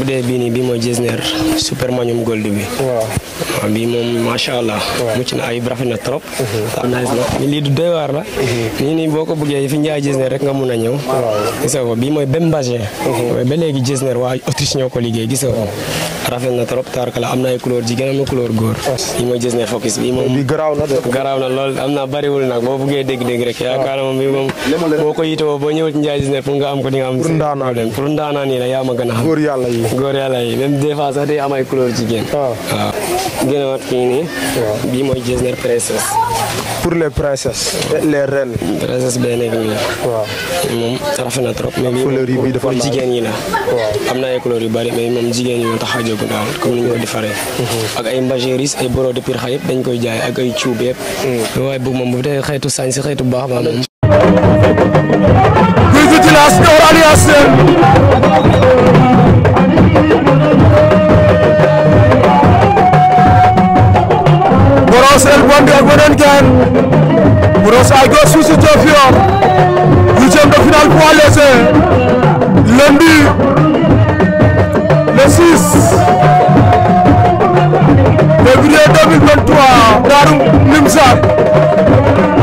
bu dee bii nii bii mooy Getzner Supermanium Gold bi. waaw bii moom macha allah. mucc na ayib rafet na trop. am mhm. na lii du doy la. Mhm. lii nii boo ko buggee fi njaay Getzner rek nga mun a ñëw. gis nga ko bii mooy Bembagé. Mhm. ba léegi Getzner waa Autriche ñoo ko liggéey gise nga ko. rafet na trop tarkala am na ay couleur jigéen am na couleur góor yi mooy gis ne bi moom garaaw na de garaaw na lool am nag boo buggee dégg rek ah. yaakaar moom moom boo ko yitewoo boo ñëwee ci Ndiaye Gisner nga am ko di am la yaa ma gën a xam góor yàlla yi góor ah. ah. na trop mais couleur yi bi dafa jigéen yi la bari mais moom jigéen yi tax a jóg yóbbu daal ñu ko di mhm. ak ay mbagéris ay boro pir xa yëpp dañ koy jaay ak ay cuub yëpp mhm. waaye bu moom bu dee xeetu sañ si xeetu baax maa moom Guy Gi Djilass Nior alias Sène boros el bondi ak weneen gaan boros à gauche Youssou Diofior le 6 février 2023 Daaru Nimsaat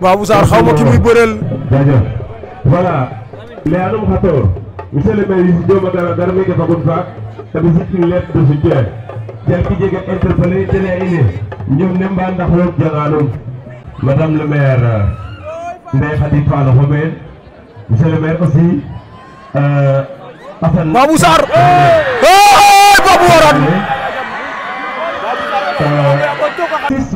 Babou Sarr xaw ma ki muy bëreel. voilà. mais anam xatoo monsieur le maire yi si Diop dara dara muy defagun fa tamit c'est une lettre de soutien. celle qui jege interpellé tenait ini ñoom ne mbaa ndax loolu jàngaanum. madame le maire euh, Ndeye Khady Fall Xome monsieur le maire aussi. Euh, Assane Babou Sarr.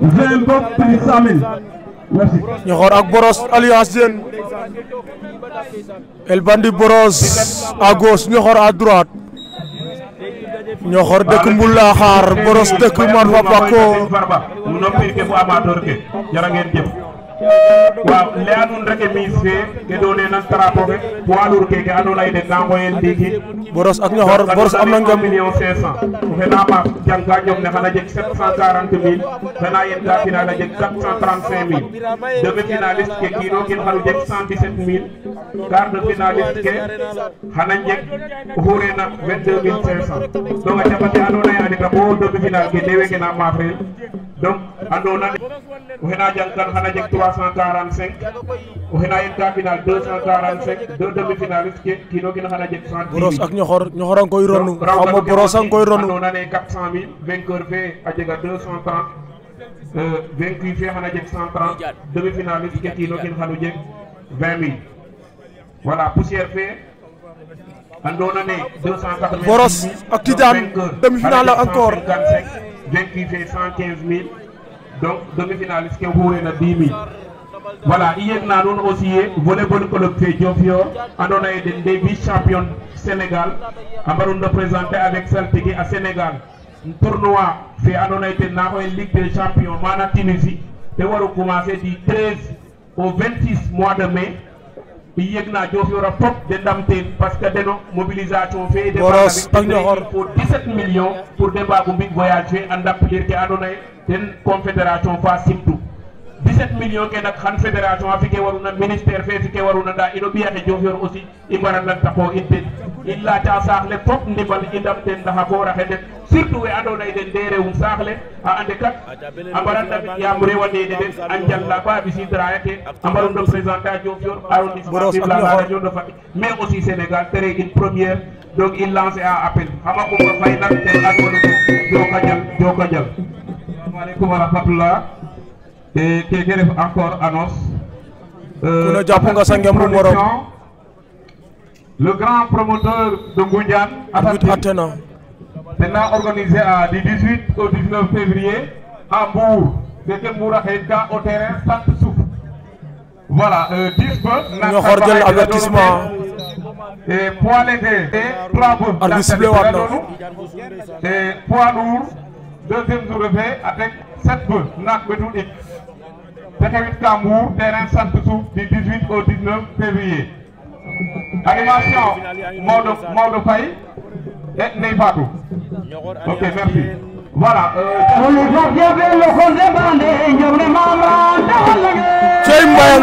Jeune Bob ak Boros alliance Jeune. El Bandi Boros à gauche Ñoxor à droite. Ñoxor dëkk Mbula Xaar dëkk Marfa Bako. Noppi waaw le andun rek e miis fe ke doone nan drapeau fe poids lourd keke andoona yee den na nqooyel ndiiki boros ak ñoxor boros am na ngam million cinq cent fena maaf jang ka jom ne xana jeg sept cent quarante mille fena yen ka finale a jeg quatre cent trente cinq mille demi finaliste ke kiino kiin xanu jeg cent dix-sept mille quart de finaliste ke xana jeg xureena vingt-deux mille cinq cent donc a cafate andoona yee a ndeta bo demi finale ke ndewe ke na maafrel donc andoona oxena jangkan xana jeg 345 oxena yen ka final 245 deux demi finaliste ke kiino kiin xana jeg 100 boros ak ñoxor ñoxor ang koy ronu xam o boros ang koy fe a jega 200 francs euh, vaincu demi finaliste ke kiino kiin xanu jeg 20 000 voilà poussière fe andoona yee 280 boros ak Tidiane demi finale encore 25 115 000. Donc, demi-finaliste, qui vous voulez, 10 000. Voilà, hier, nous avons aussi volé le club de Diofio, nous avons des vice-champions du Sénégal, nous avons présenté avec Saltigui à Sénégal un tournoi fait à été de la Ligue des Champions, Mana Tunisie, et nous avons commencé du 13 au 26 mois de mai mi qui jofiora fait de ndamten parce que deno mobilisation fe de boros tagnoxor pour 17 millions pour des mbago mbi voyage fe adonay ndaplir ke ten confédération fa simtu 17 millions ke nak xan fédération a waruna ministère fe fi waruna nda ino aussi i mbaran lan taqo illa ta sahle fof ndibal idam idamten daha boorata nden surtout e aɗona den dere rewum sahle a ande kat a mbaɗanɗam yam rewanede nden an jalla baaɓi sidrayake a mbaɗum ɗo présentat jofior arrondissement région de faki mais aussi senegal tere une première donc il lance un appel xama kuma fay nak te ko aɗono joka jal ko jal assalamu aleykum wa rahmatullah e ke gere encore annonce euh japp nga sangam ɗum morom le grand promoteur de Ngoundiane, Atena, a organisé à, du 18 au 19 février à Bourg, c'était Mourahenka au terrain Sainte souf Voilà, euh, 10 bœufs, et poids léger et 3 bœufs. Et poids lourd, deuxième soulevé avec 7 bœufs, C'est Bedounik. C'était au terrain Sainte souf du 18 au 19 février. animation Maodo Maodo Faye et Ndeye Fatou ok merci voilà. Euh, Cey Mbayang.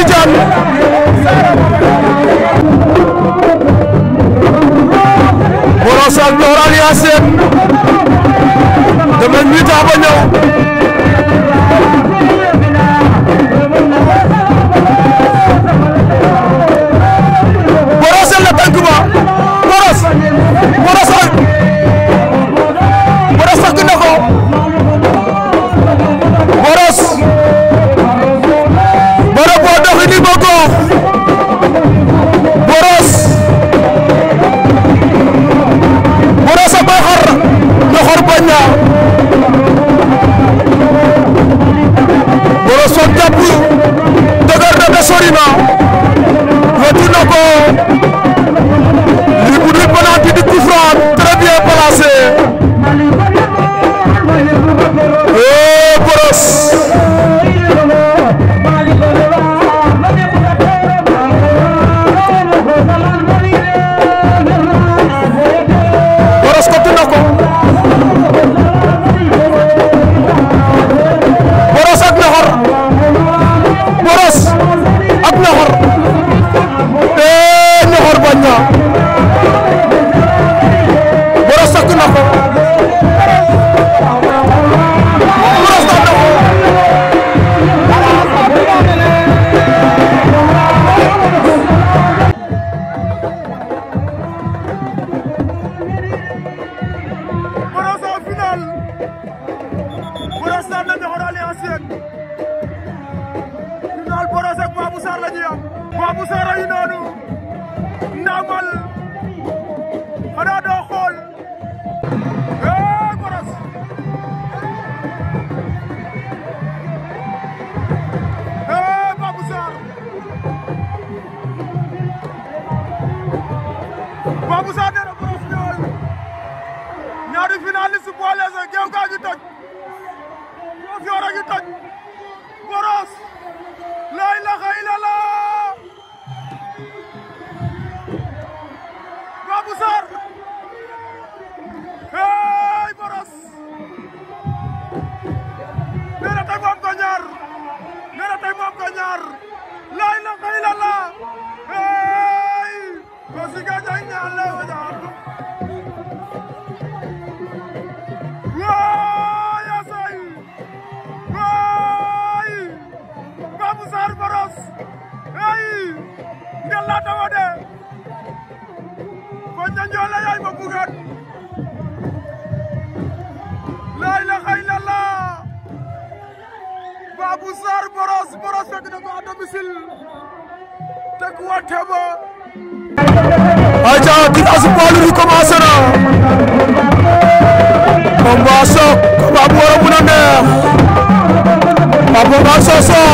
Tidiane Brosse ak Ndor Alias Sène dem nañ huit ans ba ñëw gaa a ngi bugaan laa ilaaha illallah Babou Sarr Brosse Brosse fekk na ko à domicile teg wante ba aca tig asupalu bi commencé na combat soog combat bu war a mun a neex Papa Sossokh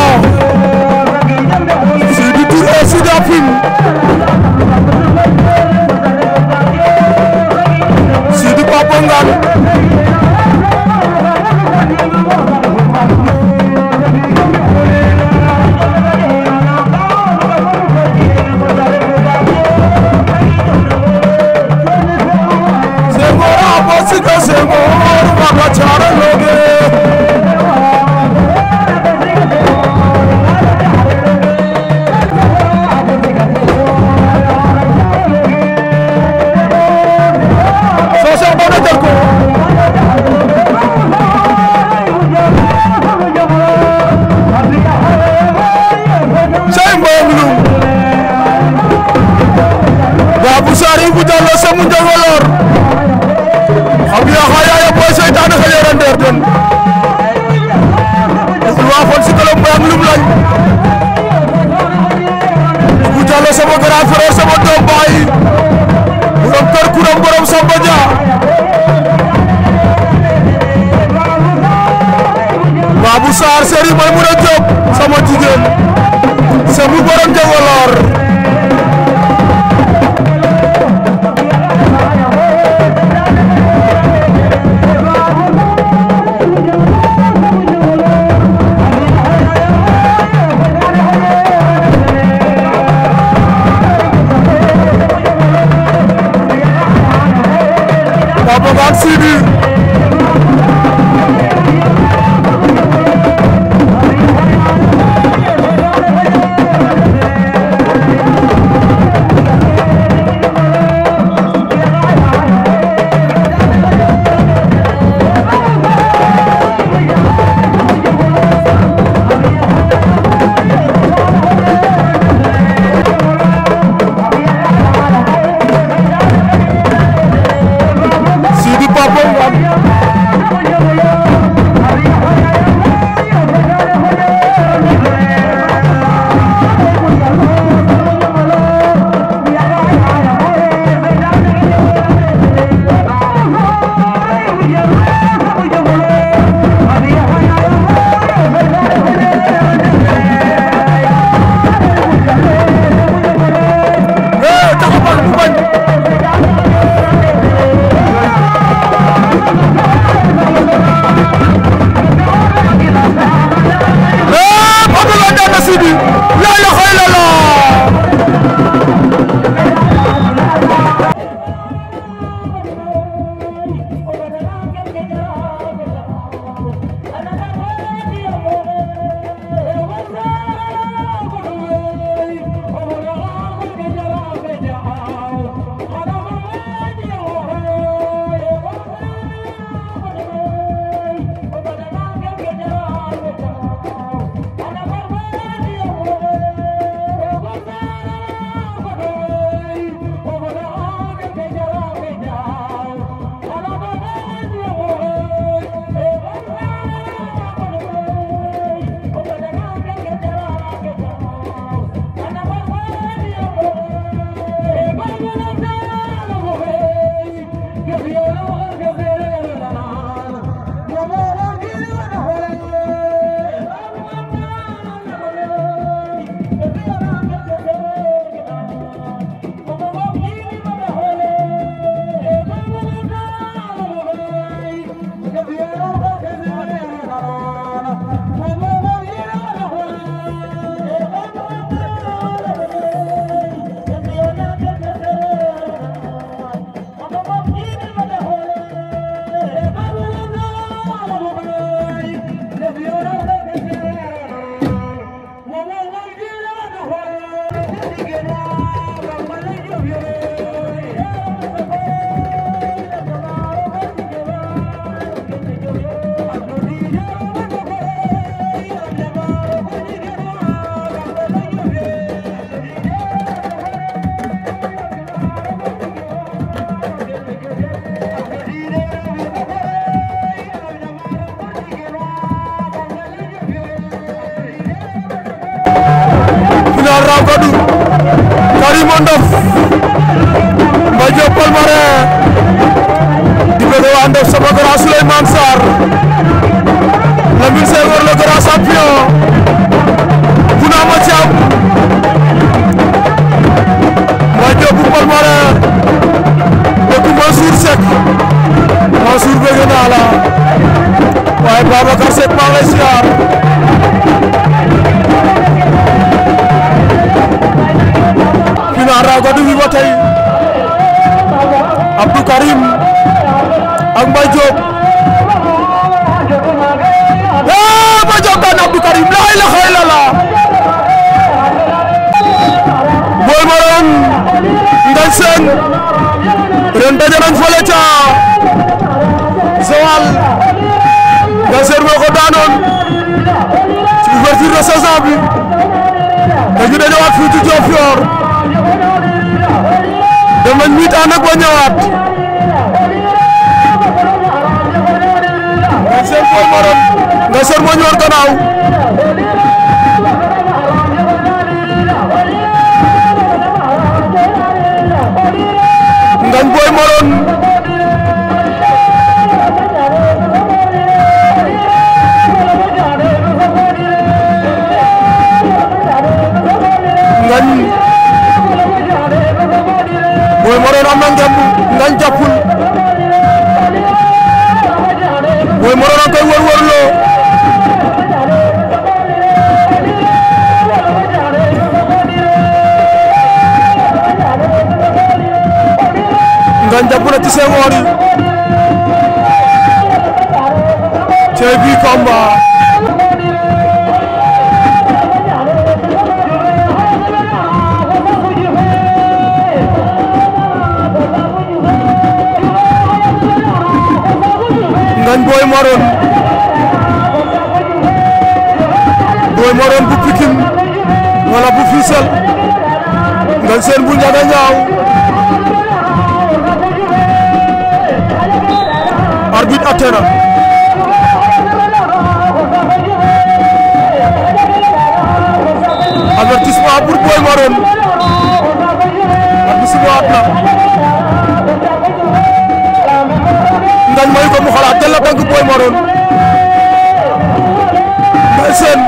moo ndof Mbaye Diop Palmarin di bëgg waa ndof sama grand Souleymane Sarr Lamine Seye war le grand champion bu naa ma caam Mbaye Diop bu Palmarin bëgg Mansour Seck Mansour bëgg naa la waaye Babacar Seck maa ngi lay siyaar tey Abdou Karim ak Mbaye Diop waaw Mbaye Diop daan Abdou Karim la ilaha illallah Boy Maron Ngagne Sène ren daje nañ fële ca Zawal Ngagne Sène moo ko daanoon ci ouverture de saison bi dañu dajewaat fii ci Diofior dem nañ huit ans nag ba Morone am na ngemb ngañ jàppul a koy wër-wër loo Ngagne Boy bu Pikine wala bu Fissel Ngagne Sène bu Ndiaga Niaw arbitre atte na avertissement pour Boy Marone arbitre bi at ngañ mayu ko mu xalaat jël la tànk booy Maroon. Ndeysaan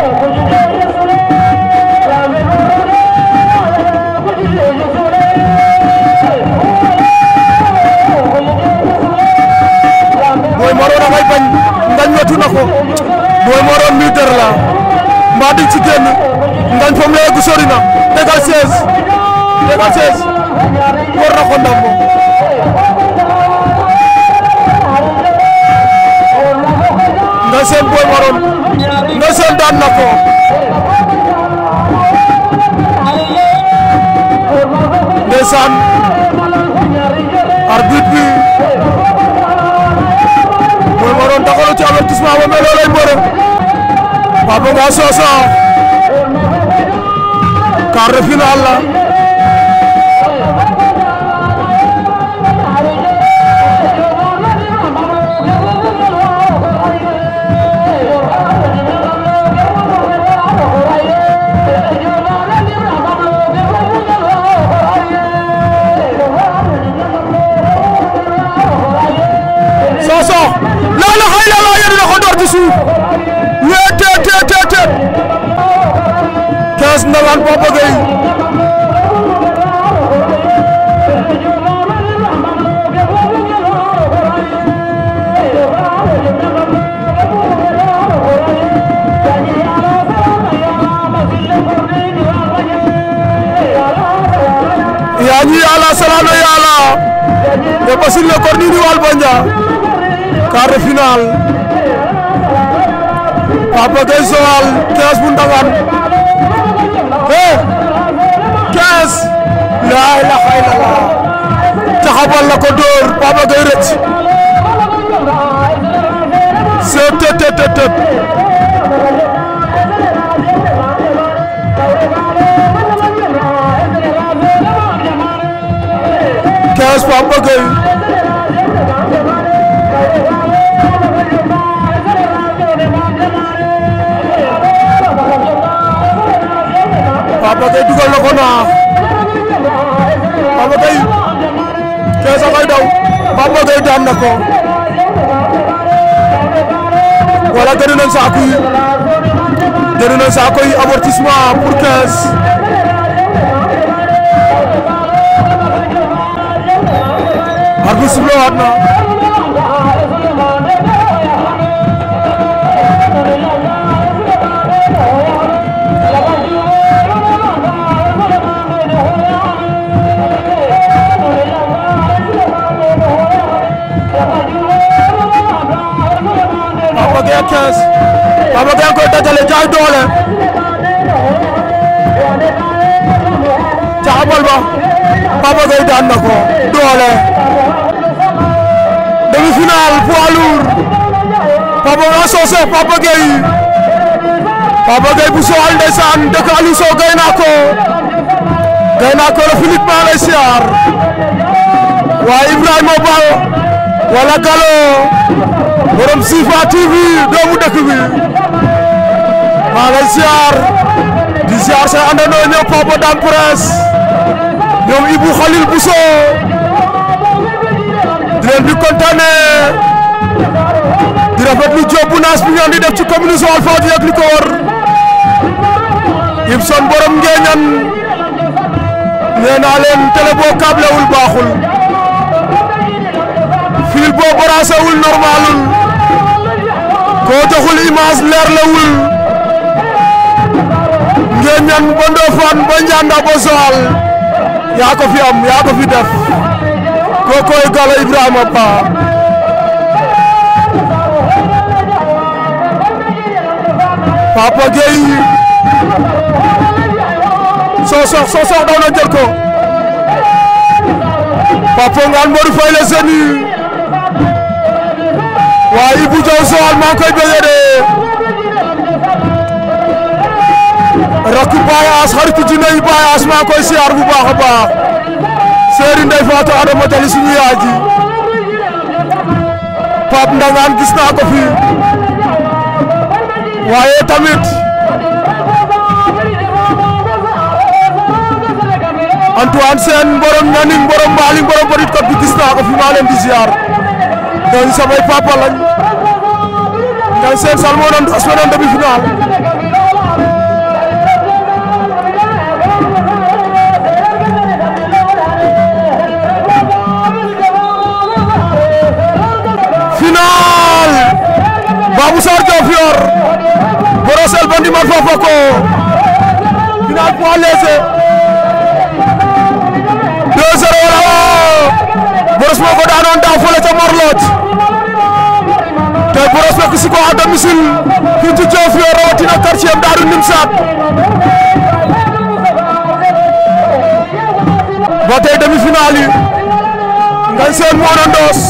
wee teet teet teet teet Quinze Ndawaan Papa Gueye yaa ñi yàlla salaano yàlla ya basir le corni ni wal banja quart de finale Papa Gueye Joal Kees bu Kees laa ilaaha illallah taxawal la ko dóor Papa Gueye rëcc c'est tët Kees Papa Gueye Papa Gueye dugal na ko naa Papa Gueye Thiès a koy daw daan na ko wala gënu nañ saako yi gënu nañ saako yi amortissement pour Thiès et 15 Papa Gueye koy dajale jaay doole caxabal ba Papa Gueye daan na ko doole demi-finale poids lourd Papa Gueye Sokh Papa Gueye Papa Gueye bu Joal ndeysaan dëkk Aliou Sow gay naa ko gay naa ko la Philippe maa lay siyaar waaye Ibrahima Ba wala Gallo borom Sifa TV doomu dëkk maa lay ziar di ziar say àndandoo ñoom Papa Dame Presse ñoom Ibou Khalil di leen di kontaane naas bi ngeen di def ci commune Joal Fadiouth ak li ko wër Ibson borom Ngeeñan nee naa leen télé boo câblewul baaxul fil boo brassewul normalul boo joxul image leer la wul ngeen ñan ba Ndofane ba yaa ko fi am yaa ko fi def kookoy Galo Ibrahima Ba Papa Gueye Sosokh Sosokh daw na jël ko Papa Ngane Modou Faye la seen waaye Ibou Diaw Joal maa ngi koy bëggee de rakku Baye Ass xaritu jinne yi Baye Ass maa ngi koy siyaar bu baax a baax Serigne Ndeye Fatou Adama Tali suñu yaay ji Ndangaan gis naa ko fi waaye tamit Antoine Sène borom ñaning borom mbaaling borom bërit ko bi gis naa ko fi maa leen di ziar doon samay papa lañ Kayser Sall moo doon as doon demi-finale finale Babou Sarr Diofior Brossel Bandima Fafako finale poids léger fekk si ko à misil, fii ci Diofior ya rawatina quartier Daaru Nimsaat ba tey demi-finale yi ngay seen Moona Ndoos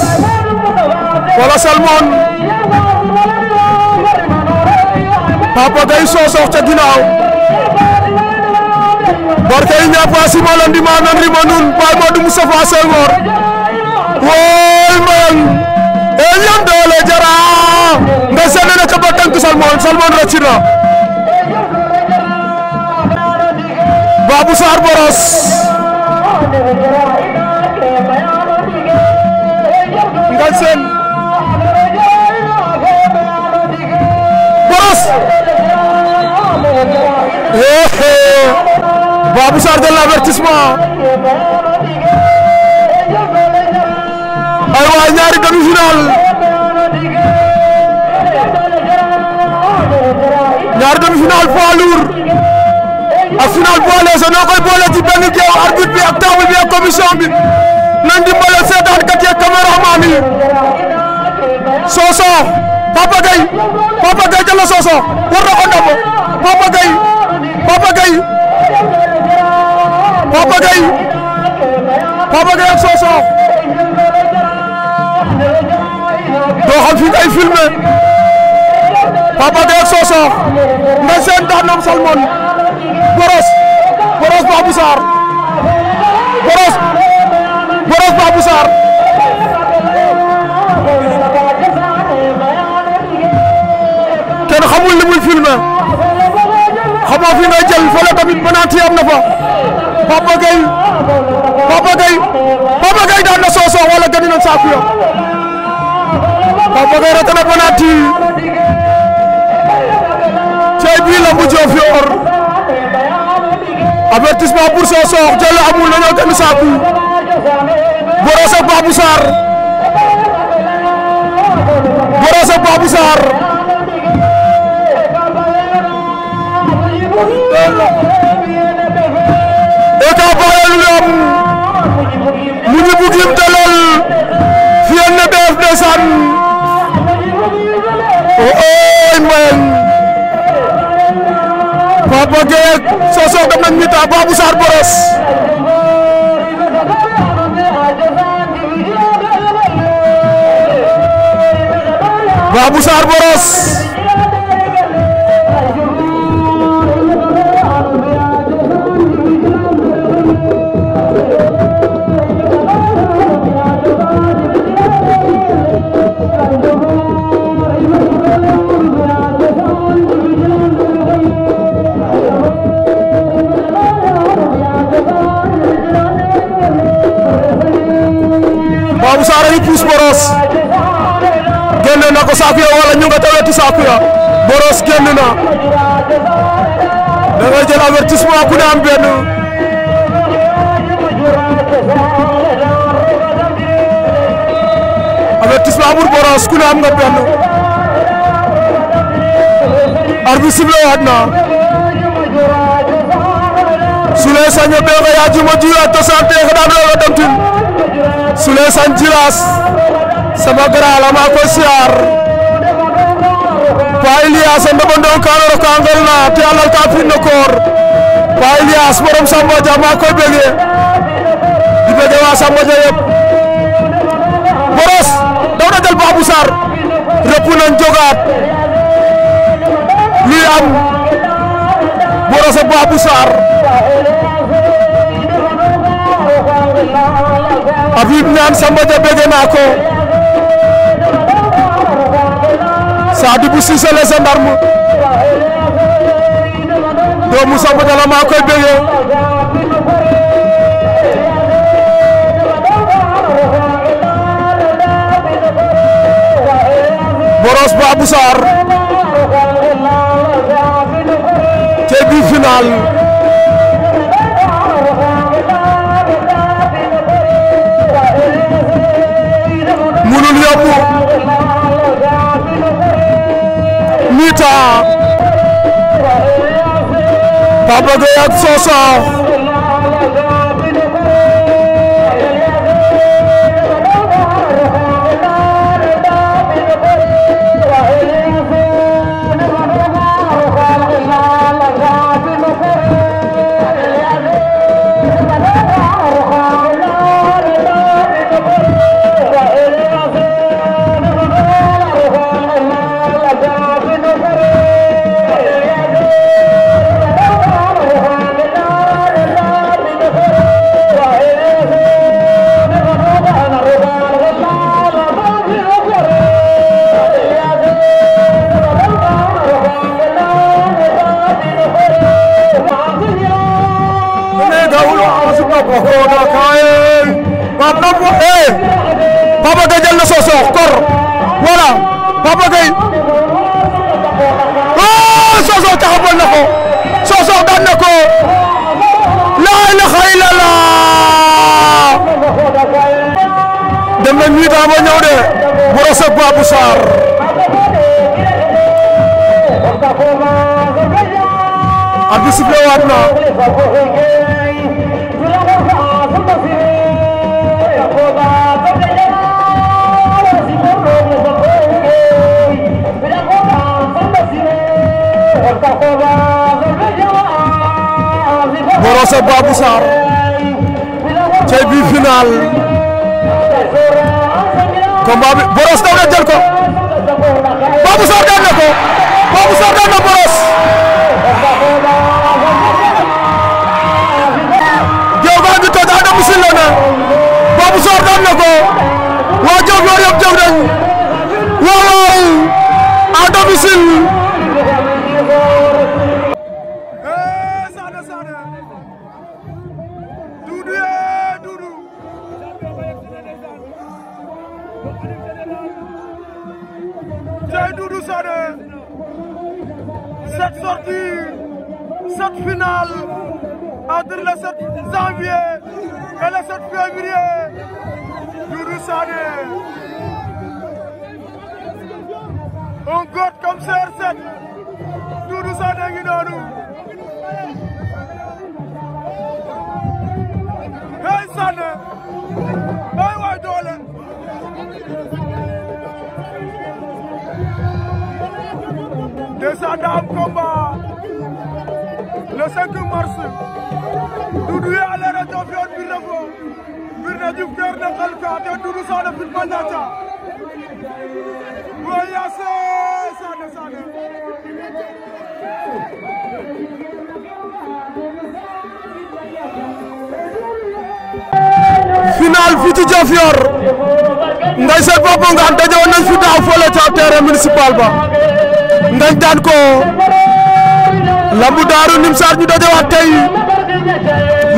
wala Salmon Papa Gaye Sossokh ca ginnaaw barkay ñapaasi ma leen di maanan rima nun e yam doole jara nga senene ko ba tànk salmon salmon rëcc na Babou Sarr Boros nga sen Boros eh eh Babou Sarr de l'avertissement ñaari demi final ñaari demi final poids lourd ak final boole noo koy boole ci benn géew bi ak table bi ak commission bi nañ dimbale seetaan kat yeeg caméraman yi Sossokh Papa Gueye Papa Gueye jël na Sossokh war na ko ndam Papa Gueye doxal fi ngay filmé Papa Gueye ak Sosokh Ndeye Sène ndax ñoom Salmon Boros Boros Babou Sarr Boros Boros Babou Sarr kenn xamul li muy filmé xamoo fi ngay jël fële tamit penalty am na fa. Papa Gueye Papa Gueye daan na Sokh Sokh wala gënu na Sakuya Papa Gueye rate na penalty cey lambu Diofior avertissement pour Sokh Sokh jël amul nañoo gënu Saku Boros ak Babou Sarr Boros ak lim dalal fiyan na beef Boros Babou Sarr Boros Babou Sarr yi puus Boros génn ko saaku ya wala ñu nga ca wetu ya Boros génn na da ngay jël avertissement yaa ji ma jiyaat te sant yeeg daal loola dem Souleysane Djilass semoga grand la maa koy siyaar kalau Elias a ndeɓandoong ka andoona yee ka angal na te a lalta di bëgge waa Samba boros daw na jël Babou Sarr rëpp nañ am boros a besar. Habib naan Samba Dia bëgg naa ko Saadi bu Cissé la gendarme doomu Samba Dia la maa koy bëggee boros bu Abou Sarr te bi final dul yóbbu Nita Papa Gueye ak Sossokh Babou Sarr at bi sifflé waat na Brosse Babou Sarr cey bi final combat bi Brosse daw na jël ko Babou Sarr daan na ko Babou daan na Brosse géew gaa ngi toj Adama na Babou Sarr daan na notre finale entre le 7 janvier et le 7 février. Doudou Sané. Un goat comme CR7. Doudou Sané ngi noonu. Hey Sané. Hey waay doole. Déjà daa am combat. le 5 mars Doudou ye ale rajo fiyoon bir na fo bir na jub kër na xal ka te Doudou Sané fit ma ñaata wo yaase fi daaw fële ca terrain ba Ngagne daan lambu Daaru Nimsaat ñu dajewaat tey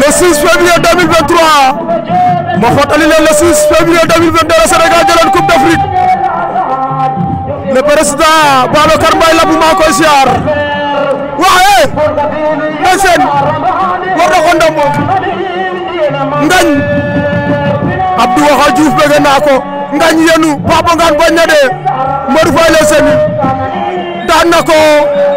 le 6 février 2023 ma fàttali leen le 6 février 2022 la Sénégal jëloon Coupe d'Afrique le président Babacar Mbaye lambu maa siyaar waaye ay war na ko ndam ngañ Abdou waxal Diouf bëgg naa ko ngañ yenu Papa Ngane bañ na de Modou Faye la daan na ko